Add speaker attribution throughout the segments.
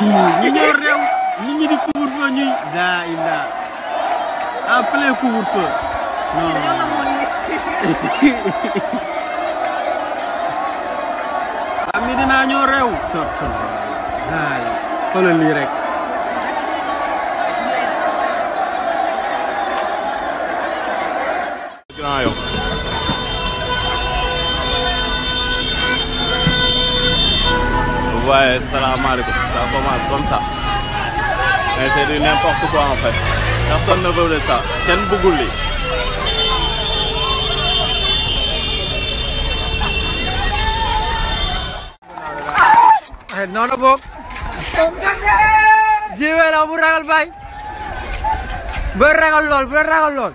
Speaker 1: ñu ñëw réew nit ñi di couvre-feu ñuy daa illa en plein couvre-feu non am ni dinaa ñoo réew tot rek voyez, salaamaaleykum, ça commence comme ça. Mais c'est du n'importe quoi en fait. Personne ne veut de ça. Kenn bëggul lii. Eh, noonu boog bay bu ragal lool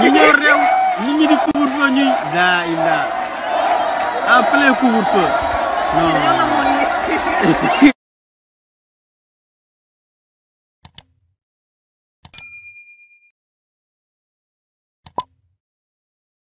Speaker 1: ñu ñëw réew nit ñi di couvre-feu ñuy laa ilaa en plein couvre-feu non